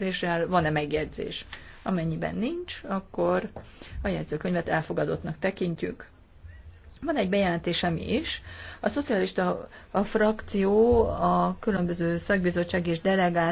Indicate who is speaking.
Speaker 1: rendelkezésre van-e megjegyzés. Amennyiben nincs, akkor a jegyzőkönyvet elfogadottnak tekintjük. Van egy bejelentésem is. A szocialista a frakció a különböző szakbizottság és delegált